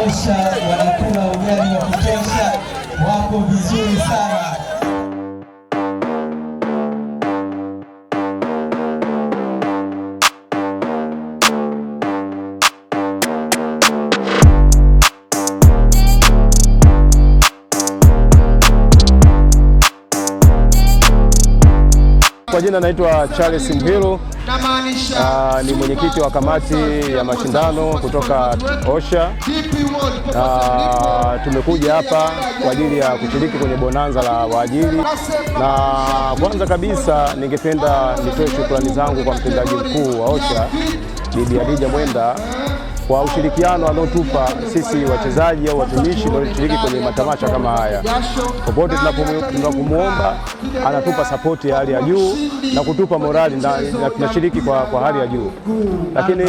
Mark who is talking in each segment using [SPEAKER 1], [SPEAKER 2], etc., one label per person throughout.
[SPEAKER 1] wanaosha, wanakula ugali wa kutosha, wako vizuri sana. kwa jina naitwa Charles Mhilu. Ah, ni mwenyekiti wa kamati ya mashindano kutoka OSHA. Uh, tumekuja hapa kwa ajili ya kushiriki kwenye bonanza la waajiri, na kwanza kabisa ningependa nitoe shukrani zangu kwa mtendaji mkuu wa OSHA Bibi Adija Mwenda kwa ushirikiano anaotupa sisi wachezaji au watumishi walioshiriki kwenye matamasha kama haya. Popote tunapomwomba anatupa sapoti ya hali ya juu na kutupa morali na tunashiriki kwa, kwa hali ya juu. Lakini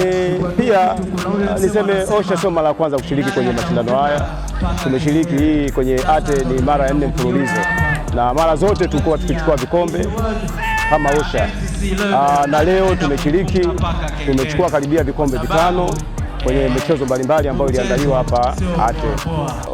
[SPEAKER 1] pia uh, niseme Osha sio mara ya kwanza kushiriki kwenye mashindano haya. Tumeshiriki hii kwenye ate ni mara ya nne mfululizo, na mara zote tulikuwa tukichukua vikombe kama Osha. Aa, uh, na leo tumeshiriki tumechukua karibia vikombe vitano kwenye michezo mbalimbali ambayo iliandaliwa hapa Ate.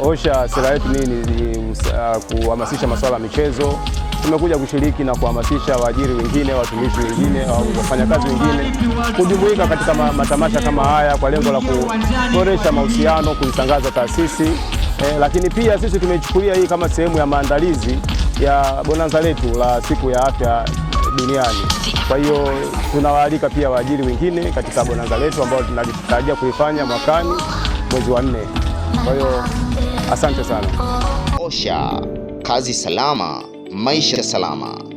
[SPEAKER 1] Osha, sera yetu ni, ni uh, kuhamasisha masuala ya michezo. Tumekuja kushiriki na kuhamasisha waajiri wengine, watumishi wengine, wafanyakazi wengine kujumuika katika matamasha kama haya kwa lengo la kuboresha mahusiano, kuitangaza taasisi eh, lakini pia sisi tumeichukulia hii kama sehemu ya maandalizi ya bonanza letu la siku ya afya duniani. Kwa hiyo tunawaalika pia waajiri wengine katika bonanza letu ambao tunalitarajia kuifanya mwakani mwezi wa nne. Kwa hiyo asante sana. OSHA, kazi salama, maisha salama.